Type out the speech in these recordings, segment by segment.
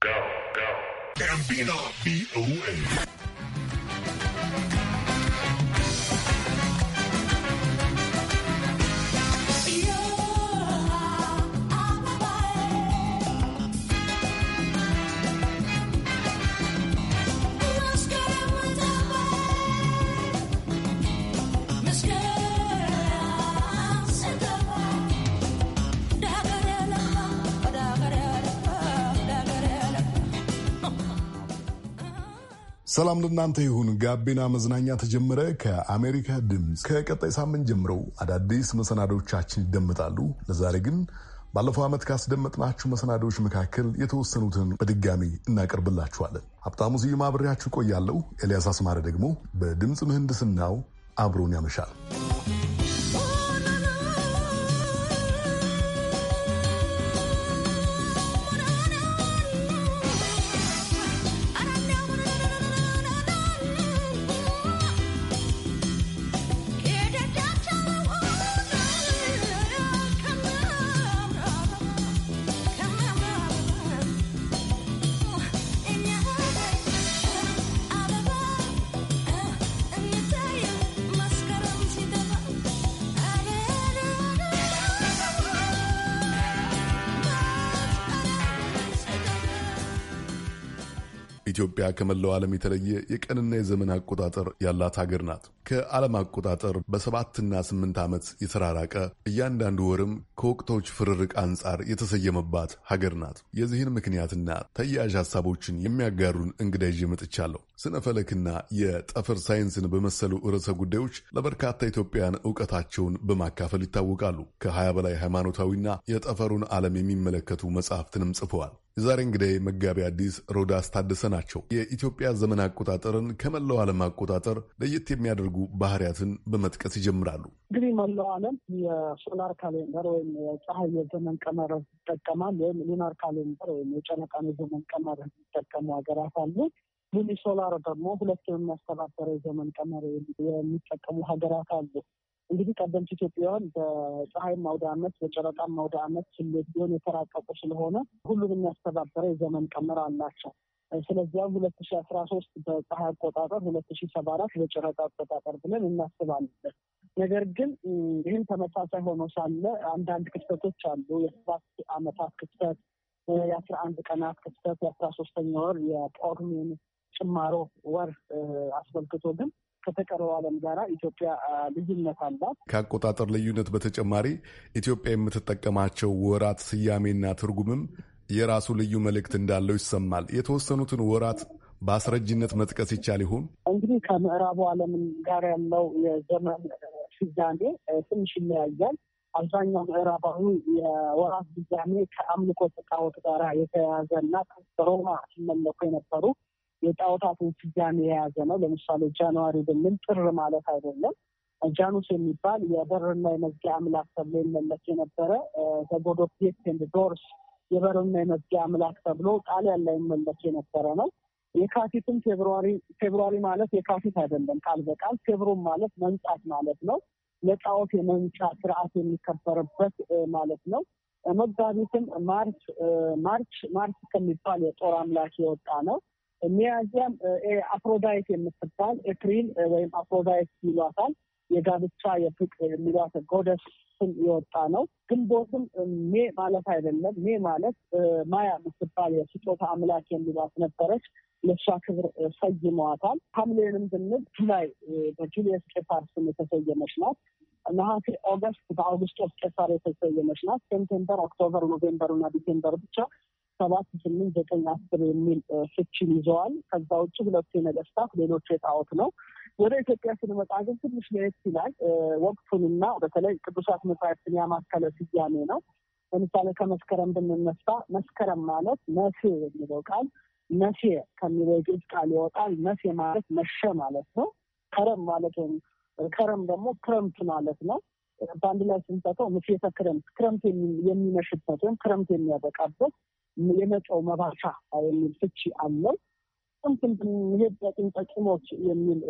Go, go. Gambino away. ሰላም ለእናንተ ይሁን። ጋቢና መዝናኛ ተጀመረ። ከአሜሪካ ድምፅ ከቀጣይ ሳምንት ጀምሮ አዳዲስ መሰናዶቻችን ይደመጣሉ። ለዛሬ ግን ባለፈው ዓመት ካስደመጥናችሁ መሰናዶዎች መካከል የተወሰኑትን በድጋሚ እናቀርብላችኋለን። ሀብታሙ ስዩም አብሬያችሁ ቆያለሁ። ኤልያስ አስማረ ደግሞ በድምፅ ምህንድስናው አብሮን ያመሻል። ኢትዮጵያ ከመላው ዓለም የተለየ የቀንና የዘመን አቆጣጠር ያላት ሀገር ናት። ከዓለም አቆጣጠር በሰባትና ስምንት ዓመት የተራራቀ እያንዳንዱ ወርም ከወቅቶች ፍርርቅ አንጻር የተሰየመባት ሀገር ናት። የዚህን ምክንያትና ተያያዥ ሀሳቦችን የሚያጋሩን እንግዳ ይዤ መጥቻለሁ። ስነ ፈለክና የጠፈር ሳይንስን በመሰሉ ርዕሰ ጉዳዮች ለበርካታ ኢትዮጵያን እውቀታቸውን በማካፈል ይታወቃሉ። ከሀያ በላይ ሃይማኖታዊና የጠፈሩን ዓለም የሚመለከቱ መጽሐፍትንም ጽፈዋል። የዛሬ እንግዲ መጋቢ አዲስ ሮዳስ ታደሰ ናቸው። የኢትዮጵያ ዘመን አቆጣጠርን ከመላው ዓለም አቆጣጠር ለየት የሚያደርጉ የሚያደርጉ ባህሪያትን በመጥቀስ ይጀምራሉ። እንግዲህ መላው ዓለም የሶላር ካሌንደር ወይም የፀሐይ የዘመን ቀመር ይጠቀማል። ወይም ሉናር ካሌንደር ወይም የጨረቃን የዘመን ቀመር የሚጠቀሙ ሀገራት አሉ። ሉኒ ሶላር ደግሞ ሁለቱ የሚያስተባበረ የዘመን ቀመር የሚጠቀሙ ሀገራት አሉ። እንግዲህ ቀደምት ኢትዮጵያውያን በፀሐይ አውደ ዓመት በጨረቃም አውደ ዓመት ስሌት ቢሆን የተራቀቁ ስለሆነ ሁሉም የሚያስተባበረ የዘመን ቀመር አላቸው። ስለዚያም ሁለት ሺ አስራ ሶስት በፀሐይ አቆጣጠር ሁለት ሺ ሰባ አራት በጨረቃ አቆጣጠር ብለን እናስባለን። ነገር ግን ይህም ተመሳሳይ ሆኖ ሳለ አንዳንድ ክፍተቶች አሉ። የሰባት ዓመታት ክፍተት፣ የአስራ አንድ ቀናት ክፍተት፣ የአስራ ሶስተኛ ወር የጳጉሜን ጭማሮ ወር አስመልክቶ ግን ከተቀረው ዓለም ጋር ኢትዮጵያ ልዩነት አላት። ከአቆጣጠር ልዩነት በተጨማሪ ኢትዮጵያ የምትጠቀማቸው ወራት ስያሜና ትርጉምም የራሱ ልዩ መልእክት እንዳለው ይሰማል። የተወሰኑትን ወራት በአስረጅነት መጥቀስ ይቻል ይሆን? እንግዲህ ከምዕራቡ ዓለም ጋር ያለው የዘመን ስያሜ ትንሽ ይለያያል። አብዛኛው ምዕራባዊ የወራት ስያሜ ከአምልኮ ተጣዖት ጋር የተያያዘ እና ሮማ ሲመለኩ የነበሩ የጣዖታትን ስያሜ የያዘ ነው። ለምሳሌ ጃንዋሪ ብንል ጥር ማለት አይደለም። ጃኑስ የሚባል የበርና የመዝጊያ አምላክ ተብሎ ይመለክ የነበረ ዘጎዶፕ ኤንድ ዶርስ የበርና የመዝጊያ አምላክ ተብሎ ጣሊያን ላይ መለክ የነበረ ነው። የካቲትም ፌብሩዋሪ ፌብሩዋሪ ማለት የካቲት አይደለም ቃል በቃል ፌብሩን ማለት መንጻት ማለት ነው። ለጣዖት የመንጫ ስርዓት የሚከበርበት ማለት ነው። መጋቢትም ማርች ማርች ማርች ከሚባል የጦር አምላክ የወጣ ነው። ሚያዚያም አፍሮዳይት የምትባል ኤፕሪል ወይም አፍሮዳይት ይሏታል። የጋብቻ የፍቅር የሚሏት ጎደስ ስም የወጣ ነው። ግንቦትም ሜ ማለት አይደለም። ሜ ማለት ማያ የምትባል የስጦታ አምላክ የሚሏት ነበረች። ለእሷ ክብር ሰይመዋታል። ሐምሌንም ብንል ጁላይ በጁልየስ ቄሳር ስም የተሰየመች ናት። ነሐሴ ኦገስት በአውግስጦስ ቄሳር የተሰየመች ናት። ሴፕቴምበር፣ ኦክቶበር፣ ኖቬምበር እና ዲሴምበር ብቻ ሰባት ስምንት ዘጠኝ አስር የሚል ፍቺን ይዘዋል። ከዛ ውጭ ሁለቱ የነገስታት ሌሎቹ የጣዖት ነው። ወደ ኢትዮጵያ ስንመጣ ግን ትንሽ ለየት ይላል። ወቅቱንና በተለይ ቅዱሳት መጽሐፍትን ያማከለ ስያሜ ነው። ለምሳሌ ከመስከረም ብንነሳ መስከረም ማለት መሴ የሚለው ቃል መሴ ከሚለው የግዕዝ ቃል ይወጣል። መሴ ማለት መሸ ማለት ነው። ከረም ማለት ወይም ከረም ደግሞ ክረምት ማለት ነው። በአንድ ላይ ስንሰጠው ምሴተ ክረምት፣ ክረምት የሚመሽበት ወይም ክረምት የሚያበቃበት የመጫው መባቻ የሚል ፍቺ አለው። ጥንት ሄድ ለጥንተ ቂሞች የሚል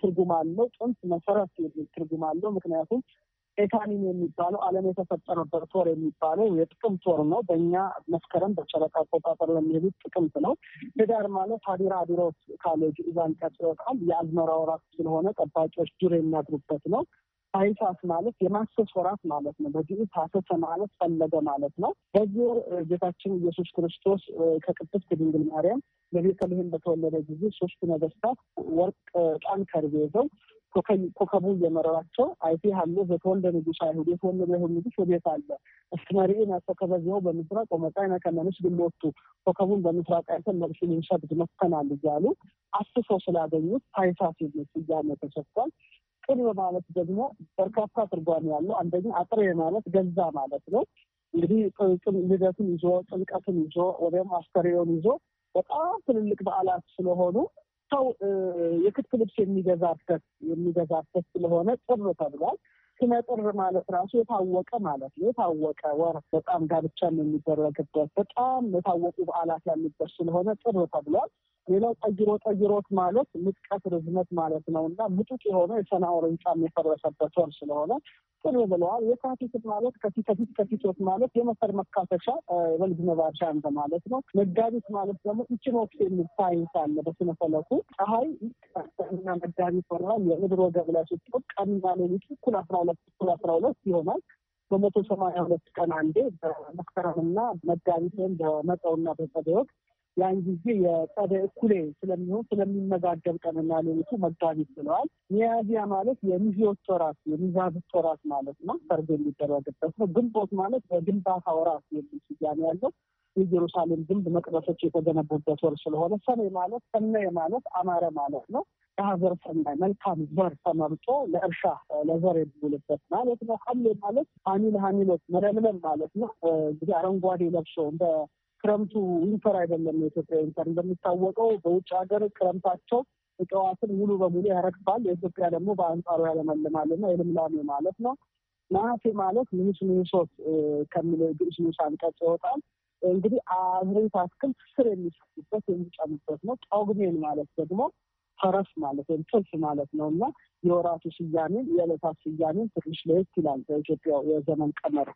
ትርጉም አለው። ጥንት መሰረት የሚል ትርጉም አለው። ምክንያቱም ኤታኒም የሚባለው ዓለም የተፈጠረበት ወር የሚባለው የጥቅምት ወር ነው። በእኛ መስከረም በጨረቃ አቆጣጠር ለሚሄዱት ጥቅምት ነው። ህዳር ማለት ሀዲራ አዲሮስ ካሌጅ ኢዛን ቀጥሮታል። የአዝመራ ወራት ስለሆነ ጠባቂዎች ዱር የሚያድሩበት ነው። አይሳት ማለት የማሰስ ወራት ማለት ነው። በግዕዝ ታሰሰ ማለት ፈለገ ማለት ነው። በዚህ ጌታችን ኢየሱስ ክርስቶስ ከቅድስት ድንግል ማርያም በቤተልሔም በተወለደ ጊዜ ሶስቱ ነገስታት ወርቅ ዕጣን ከርቤ ይዘው ኮከቡ እየመረራቸው አይቴ ሀሎ በተወልደ ንጉሥ አይሁድ የተወለደ ይሁን ንጉሥ ወዴት አለ እስመሪኤ ናኮከበ ከበዚያው በምስራቅ ወመጻእነ ከመ ንስግድ ኮከቡን በምስራቅ አይተን ለእርሱ ልንሰግድ መጥተናል እያሉ አስሰው ስላገኙት ታኅሳስ የሚል ስያሜ ተሰጥቷል። ቅድመ ማለት ደግሞ በርካታ ትርጓሜ ያለው አንደኛ አጥሬ ማለት ገዛ ማለት ነው። እንግዲህ ልደትን ይዞ ጥምቀትን ይዞ ወይም አስተሬውን ይዞ በጣም ትልልቅ በዓላት ስለሆኑ ሰው የክት ልብስ የሚገዛበት የሚገዛበት ስለሆነ ጥር ተብሏል። ስነ ጥር ማለት ራሱ የታወቀ ማለት ነው። የታወቀ ወር በጣም ጋብቻ የሚደረግበት በጣም የታወቁ በዓላት ያሉበት ስለሆነ ጥር ተብሏል። ሌላው ጠይሮ ጠይሮት ማለት ምጥቀት ርዝመት ማለት ነው እና ምጡቅ የሆነ የሰናዖር ሕንጻም የፈረሰበት ወር ስለሆነ ጥር ብለዋል። የካቲት ማለት ከፊት ከፊት ከፊቶት ማለት የመሰር መካፈሻ የበልግ መባሻ እንደ ማለት ነው። መጋቢት ማለት ደግሞ ኢቺኖክስ የሚል ሳይንስ አለ በስነፈለኩ ፈለኩ ፀሐይ እና መጋቢት ወራ የምድር ወገብ ላይ ስትቆም ቀንና ሌሊት እኩል አስራ ሁለት ሁለት አስራ ሁለት ይሆናል። በመቶ ሰማኒያ ሁለት ቀን አንዴ በመስከረምና መጋቢት ወይም በመጸውና በጸደይ ወቅት ያን ጊዜ የጸደ እኩሌ ስለሚሆን ስለሚመጋገብ ቀንና ሌሊቱ መጋቢት ብለዋል። ሚያዝያ ማለት የሚዜዎች ወራት የሚዛብት ወራት ማለት ነው። ሰርግ የሚደረግበት ነው። ግንቦት ማለት በግንባታ ወራት የሚል ስያሜ ያለው የኢየሩሳሌም ግንብ መቅደሶች የተገነቡበት ወር ስለሆነ ሰኔ ማለት ሰኔ ማለት አማረ ማለት ነው። ከሀዘር ሰናይ መልካም ዘር ተመርጦ ለእርሻ ለዘር የሚውልበት ማለት ነው። ሐምሌ ማለት ሀሚል ሀሚሎት መለምለም ማለት ነው። እንግዲህ አረንጓዴ ለብሶ እንደ ክረምቱ ዊንተር አይደለም። የኢትዮጵያ ዊንተር እንደሚታወቀው በውጭ ሀገር ክረምታቸው እጽዋትን ሙሉ በሙሉ ያረግፋል። የኢትዮጵያ ደግሞ በአንጻሩ ያለመልማል ያለመልማልና የልምላሜ ማለት ነው። ነሐሴ ማለት ንሱ ንሶት ከሚለው ግዕዝ ንዑስ አንቀጽ ይወጣል። እንግዲህ አብሬት አትክልት ስር የሚሰጡበት የሚጨምበት ነው። ጳጉሜን ማለት ደግሞ ፈረስ ማለት ወይም ጥልፍ ማለት ነው እና የወራቱ ስያሜን የዕለታት ስያሜን ትንሽ ለየት ይላል በኢትዮጵያ የዘመን ቀመር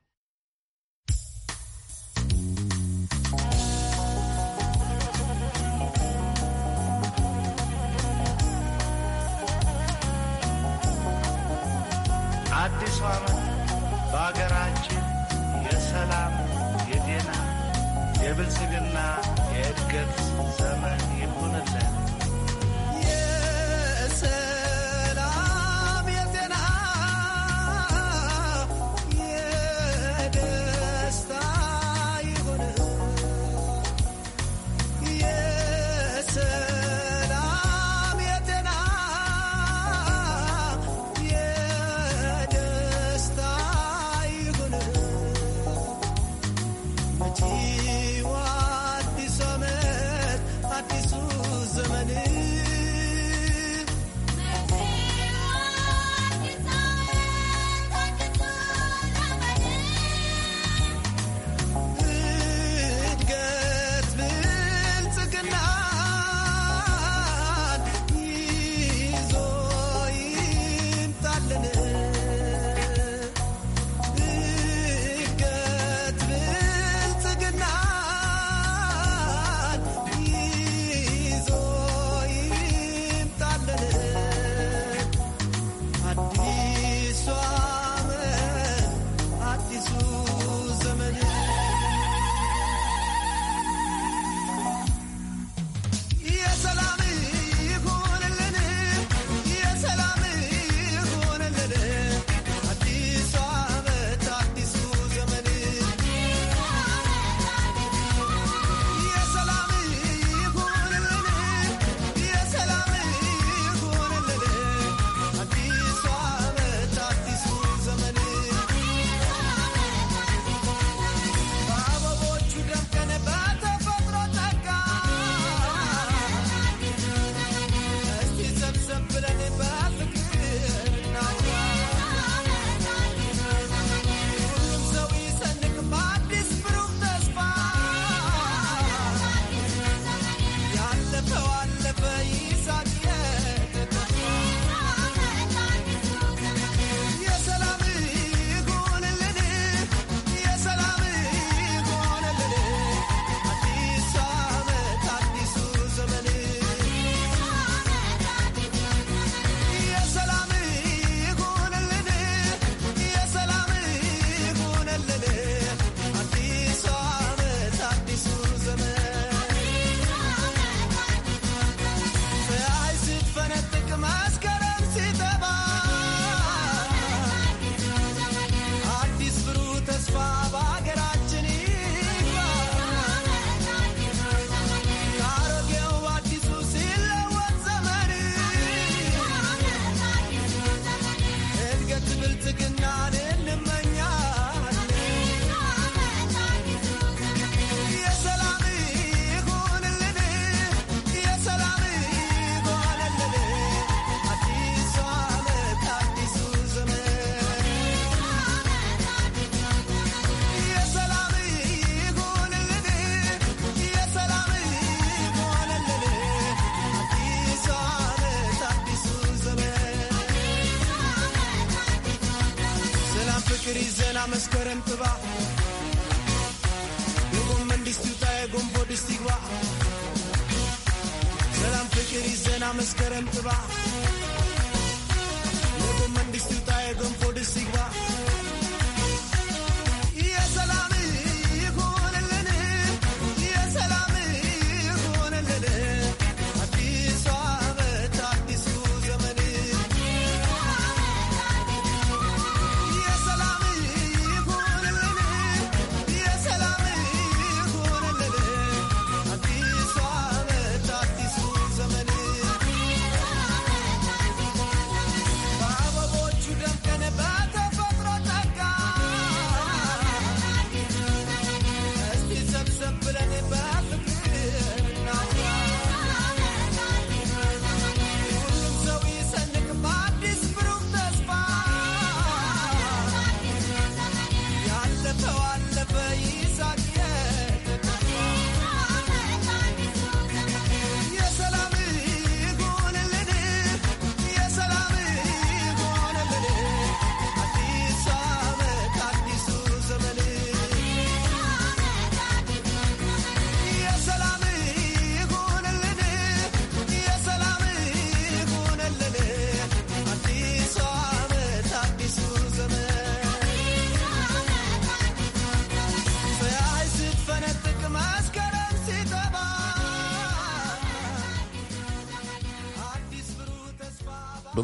ina maskarantaba Lego mandi silta egom fodi sigwa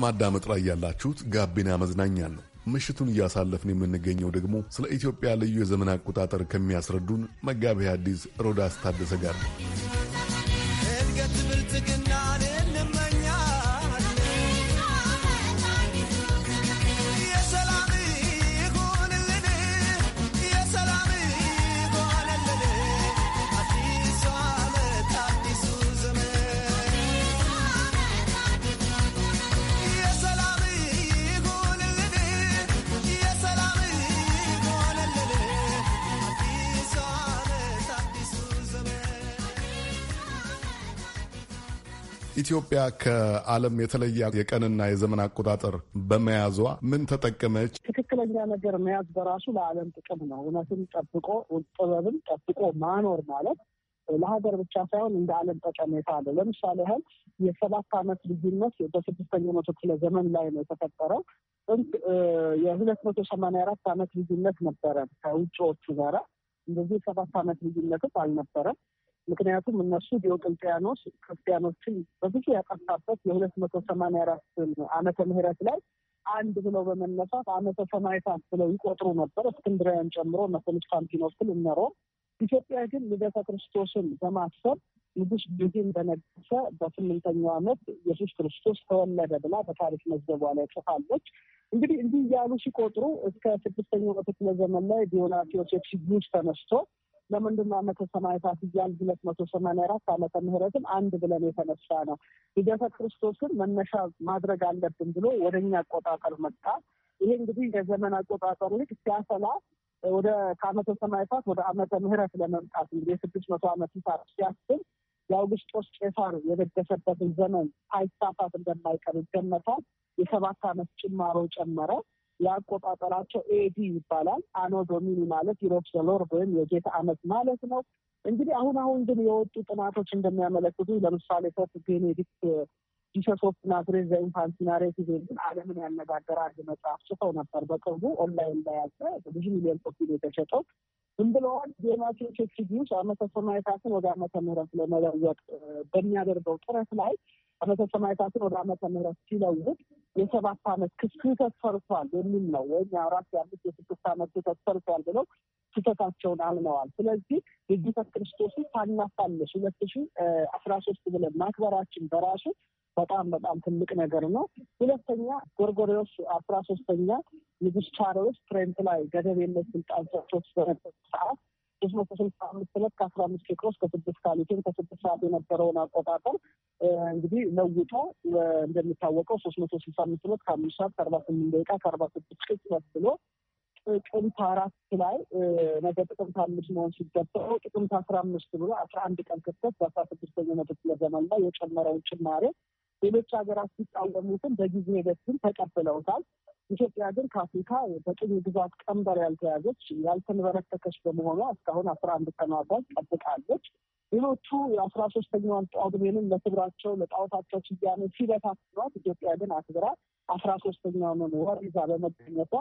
በማዳመጥ ላይ ያላችሁት ጋቢና መዝናኛን ነው። ምሽቱን እያሳለፍን የምንገኘው ደግሞ ስለ ኢትዮጵያ ልዩ የዘመን አቆጣጠር ከሚያስረዱን መጋቢ አዲስ ሮዳስ ታደሰ ጋር ነው። ኢትዮጵያ ከዓለም የተለየ የቀንና የዘመን አቆጣጠር በመያዟ ምን ተጠቀመች? ትክክለኛ ነገር መያዝ በራሱ ለዓለም ጥቅም ነው። እውነትን ጠብቆ ጥበብን ጠብቆ ማኖር ማለት ለሀገር ብቻ ሳይሆን እንደ ዓለም ጠቀሜታ አለው። ለምሳሌ ያህል የሰባት ዓመት ልዩነት በስድስተኛው መቶ ክፍለ ዘመን ላይ ነው የተፈጠረው። የሁለት መቶ ሰማንያ አራት ዓመት ልዩነት ነበረ ከውጭዎቹ ጋራ። እንደዚህ የሰባት ዓመት ልዩነትም አልነበረም። ምክንያቱም እነሱ ዲዮቅልጥያኖስ ክርስቲያኖችን በብዙ ያጠፋበት የሁለት መቶ ሰማንያ አራት አመተ ምህረት ላይ አንድ ብለው በመነሳት አመተ ሰማዕታት ብለው ይቆጥሩ ነበር። እስክንድሪያን ጨምሮ እነ ኮንስታንቲኖፕል እነ ሮም። ኢትዮጵያ ግን ልደተ ክርስቶስን በማሰብ ንጉስ ጊዜን በነገሰ በስምንተኛው ዓመት ኢየሱስ ክርስቶስ ተወለደ ብላ በታሪክ መዘቧ ላይ ጽፋለች። እንግዲህ እንዲህ እያሉ ሲቆጥሩ እስከ ስድስተኛው ክፍለ ዘመን ላይ ዲዮናስዮስ ኤክሲጊዩስ ተነስቶ ለምንድነው ዓመተ ሰማዕታት እያል ሁለት መቶ ሰማንያ አራት አመተ ምህረትም አንድ ብለን የተነሳ ነው። ልደተ ክርስቶስን መነሻ ማድረግ አለብን ብሎ ወደ እኛ አቆጣጠር መጣ። ይሄ እንግዲህ የዘመን አቆጣጠሩ ልክ ሲያሰላ ወደ ከአመተ ሰማዕታት ወደ አመተ ምህረት ለመምጣት እንግዲህ የስድስት መቶ አመት ሂሳብ ሲያስብ የአውግስጦስ ቄሳር የደገሰበትን ዘመን ሳይሳሳት እንደማይቀር ይገመታል። የሰባት አመት ጭማሮ ጨመረ። ያቆጣጠራቸው ኤዲ ይባላል። አኖ ዶሚኒ ማለት ኢሮፕ ዘሎርድ ወይም የጌታ ዓመት ማለት ነው። እንግዲህ አሁን አሁን ግን የወጡ ጥናቶች እንደሚያመለክቱ ለምሳሌ ፖፕ ቤኔዲክት ጂሰስ ኦፍ ናዝሬት ዘኢንፋንቲ ናሬቲቭ ግን ዓለምን ያነጋገረ አንድ መጽሐፍ ጽፈው ነበር። በቅርቡ ኦንላይን ላይ ያለ ብዙ ሚሊዮን ኮፒ የተሸጠው ዝም ብለዋል። ዜማቸው ቸችጊውስ አመተ ሰማዕታትን ወደ አመተ ምሕረት ለመለወጥ በሚያደርገው ጥረት ላይ አመተ ሰማዕታትን ወደ አመተ ምሕረት ሲለውጥ የሰባት አመት ክስተት ተሰርቷል የሚል ነው። ወይም የአራት ያሉት የስድስት አመት ተሰርቷል ብለው ክስተታቸውን አምነዋል። ስለዚህ የጌታ ክርስቶስን ታናፋለሽ ሁለት ሺ አስራ ሶስት ብለን ማክበራችን በራሱ በጣም በጣም ትልቅ ነገር ነው። ሁለተኛ ጎርጎሬዎስ አስራ ሶስተኛ ንጉስ ቻሬዎች ትሬንት ላይ ገደብ የለሽ ስልጣን ሰጥቶት በነበር ሰዓት ሶስት መቶ ስልሳ አምስት ዕለት ከአስራ አምስት ኬክሮስ ከስድስት ካሊቴን ከስድስት ሰዓት የነበረውን አቆጣጠር እንግዲህ ለውጦ እንደሚታወቀው ሶስት መቶ ስልሳ አምስት ዕለት ከአምስት ሰዓት ከአርባ ስምንት ደቂቃ ከአርባ ስድስት ቅጽ መስሎ ጥቅምት አራት ላይ ነገ ጥቅምት አምስት መሆን ሲገባው ጥቅምት አስራ አምስት ብሎ አስራ አንድ ቀን ክፍተት በአስራ ስድስተኛው መቶ ክፍለ ዘመን ላይ የጨመረውን ጭማሬ ሌሎች ሀገራት ሲቃወሙትን በጊዜ ሂደት ግን ተቀብለውታል። ኢትዮጵያ ግን ከአፍሪካ በቅኝ ግዛት ቀንበር ያልተያዘች ያልተንበረከከች በመሆኗ እስካሁን አስራ አንድ ቀናቷን ጠብቃለች። ሌሎቹ የአስራ ሶስተኛዋን ጳጉሜንን ለክብራቸው ለጣዖታቸው ስያሜ ሲበታትኗት፣ ኢትዮጵያ ግን አክብራ አስራ ሶስተኛውን ወር ይዛ በመገኘቷ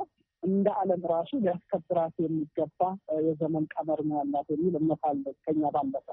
እንደ ዓለም ራሱ ሊያስከብራት የሚገባ የዘመን ቀመር ነው ያላት የሚል እምነት አለ ከኛ ባለፈ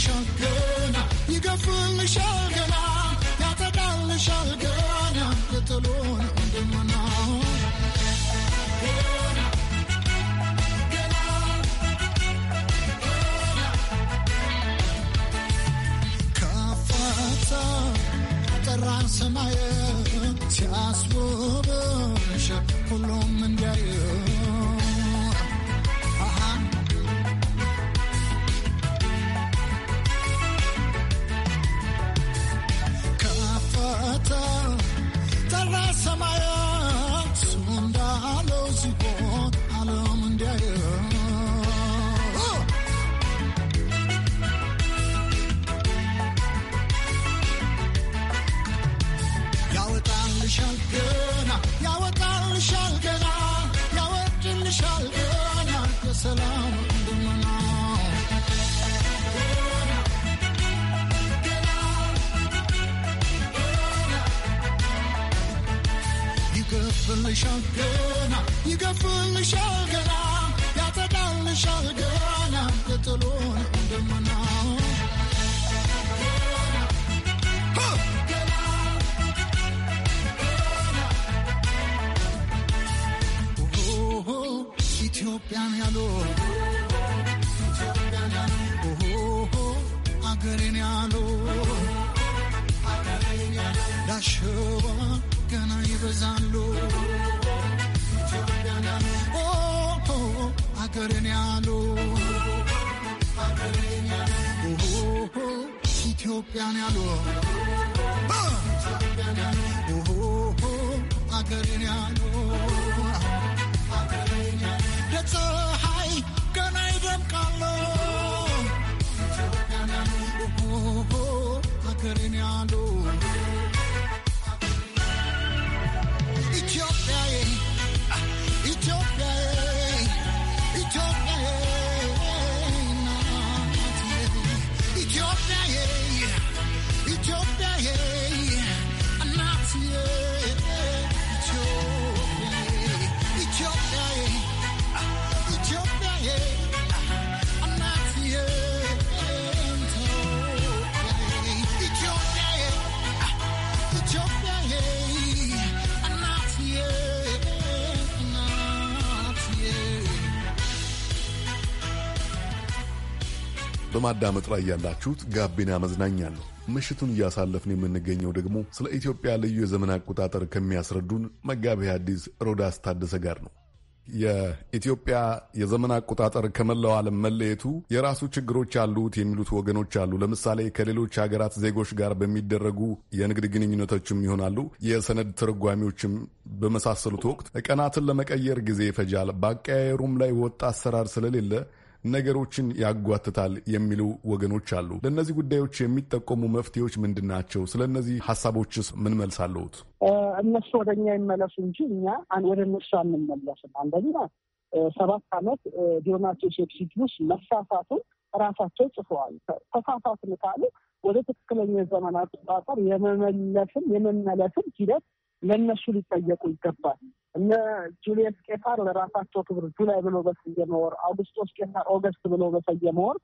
ይገፋልሻል ገና ይገፋልሻል ያወጣልሻል ገና ያወጣልሻል ገና ያወርድልሻል ገና የሰላም እንድመና ይገፍልሻል ገና ይገፍልሻል ገና ያጠዳልሻል ገና የጥሎን እንድመና ኢትዮጵያን ያሉ ኦሆ አገሬን ያሉ ዳሸዋ ገና ይበዛሉ ኦሆ አገሬን ያሉ ኦሆ ኢትዮጵያን ያሉ ኦሆ አገሬን ያሉ የፀሐይ ገና ይደምቃሉ ሀገሬን ያሉ በማዳመጥ ላይ ያላችሁት ጋቢና መዝናኛ ነው። ምሽቱን እያሳለፍን የምንገኘው ደግሞ ስለ ኢትዮጵያ ልዩ የዘመን አቆጣጠር ከሚያስረዱን መጋቢ ሐዲስ ሮዳስ ታደሰ ጋር ነው። የኢትዮጵያ የዘመን አቆጣጠር ከመላው ዓለም መለየቱ የራሱ ችግሮች አሉት የሚሉት ወገኖች አሉ። ለምሳሌ ከሌሎች ሀገራት ዜጎች ጋር በሚደረጉ የንግድ ግንኙነቶችም ይሆናሉ፣ የሰነድ ተረጓሚዎችም በመሳሰሉት ወቅት ቀናትን ለመቀየር ጊዜ ይፈጃል። በአቀያየሩም ላይ ወጥ አሰራር ስለሌለ ነገሮችን ያጓትታል የሚሉ ወገኖች አሉ። ለእነዚህ ጉዳዮች የሚጠቆሙ መፍትሄዎች ምንድን ናቸው? ስለ እነዚህ ሀሳቦችስ ምን መልስ አለሁት? እነሱ ወደ እኛ ይመለሱ እንጂ እኛ ወደ እነሱ አንመለስም። አንደኛ ሰባት ዓመት ዲዮናቴዎስ ኤክሲቲዩስ መሳሳቱን ራሳቸው ጽፈዋል። ተሳሳትን ካሉ ወደ ትክክለኛ ዘመን አቆጣጠር የመመለስም የመመለስም ሂደት ለእነሱ ሊጠየቁ ይገባል። እነ ጁልየስ ቄሳር ለራሳቸው ክብር ጁላይ ብሎ በሰየመ ወር፣ አውግስቶስ ቄሳር ኦገስት ብሎ በሰየመ ወር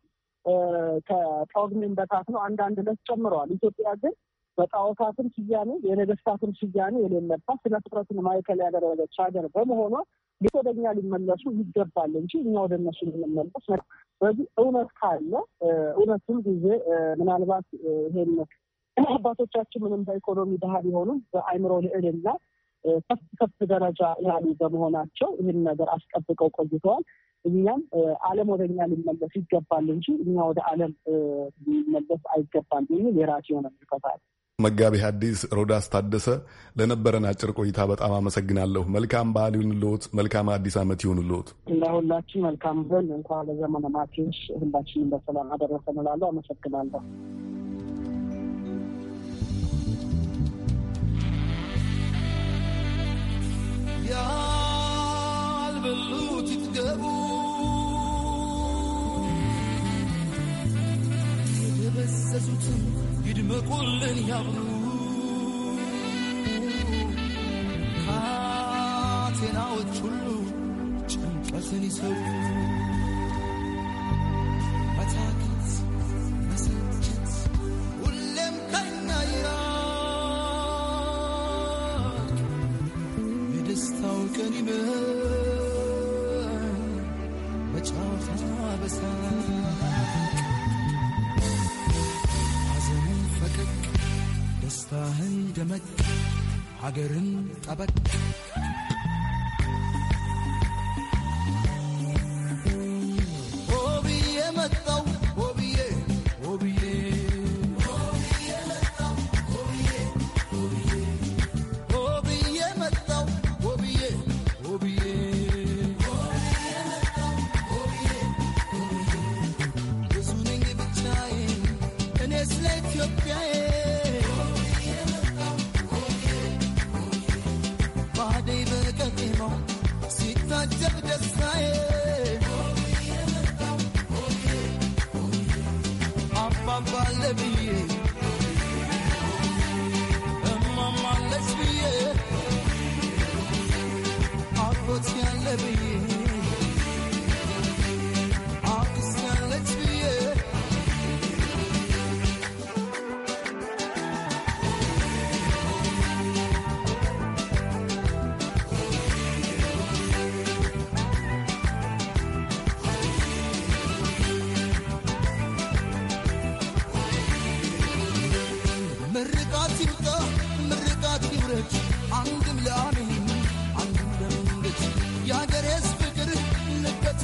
ከጳጉሜን በታት ነው። አንዳንድ ዕለት ጨምረዋል። ኢትዮጵያ ግን በጣዖታትም ስያሜ የነገስታትም ስያሜ የሌለባት ስነ ፍጥረትን ማዕከል ያደረገች ሀገር በመሆኗ ሊት ወደ እኛ ሊመለሱ ይገባል እንጂ እኛ ወደ እነሱ ልንመለስ። ስለዚህ እውነት ካለ እውነቱም ጊዜ ምናልባት ይሄን አባቶቻችን ምንም በኢኮኖሚ ድሃ ቢሆኑም በአእምሮ ልዕልና ከፍ ከፍ ደረጃ ያሉ በመሆናቸው ይህን ነገር አስጠብቀው ቆይተዋል። እኛም ዓለም ወደ እኛ ሊመለስ ይገባል እንጂ እኛ ወደ ዓለም ሊመለስ አይገባል የሚል የራሴ የሆነ ምልከታል። መጋቢ ሐዲስ ሮዳስ ታደሰ ለነበረን አጭር ቆይታ በጣም አመሰግናለሁ። መልካም በዓል ይሁንልዎት። መልካም አዲስ ዓመት ይሁንልዎት። ለሁላችን መልካም ብን እንኳን ለዘመነ ማቴዎስ ሁላችንም በሰላም አደረሰን እላለሁ። አመሰግናለሁ። ይመቁልን ያብሩ ካቴናዎች ሁሉ ጭንቀትን ይሰቡ አገርን ጠበቅ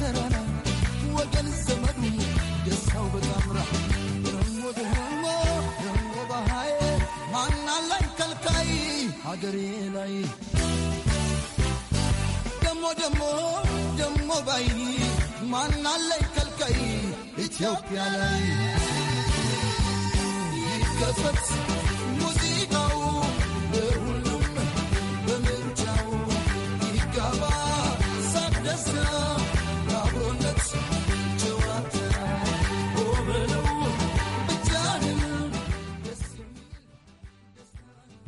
እንጀራና ወገን ዘመዱ ደስታው በጣምራ ደግሞ ደግሞ ደግሞ ባሃይ ማናላይ ከልካይ ላይ ደግሞ ደግሞ ደግሞ ባይ ማናላይ ኢትዮጵያ ላይ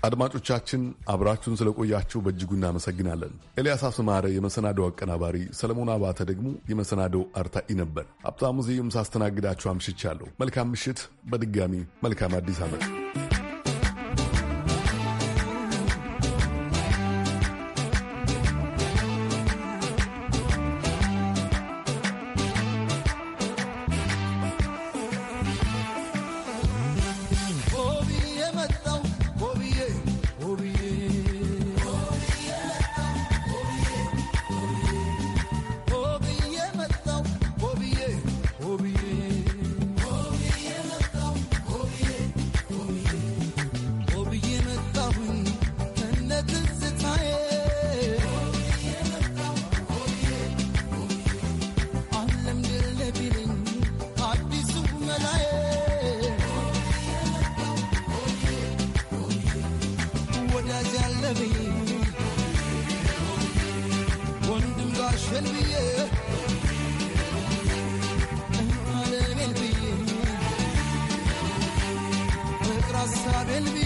አድማጮቻችን አብራችሁን ስለቆያችሁ በእጅጉ እናመሰግናለን። ኤልያስ አስማረ የመሰናደው አቀናባሪ፣ ሰለሞን አባተ ደግሞ የመሰናዶው አርታኢ ነበር። ሀብታሙ ስዩም ሳስተናግዳችሁ አምሽቻለሁ። መልካም ምሽት። በድጋሚ መልካም አዲስ ዓመት። ወዳጅ አለብኝ ወንድም ጋሸን ብዬ አለሜን ብዬ ፍቅር ሀሳቤን ብዬ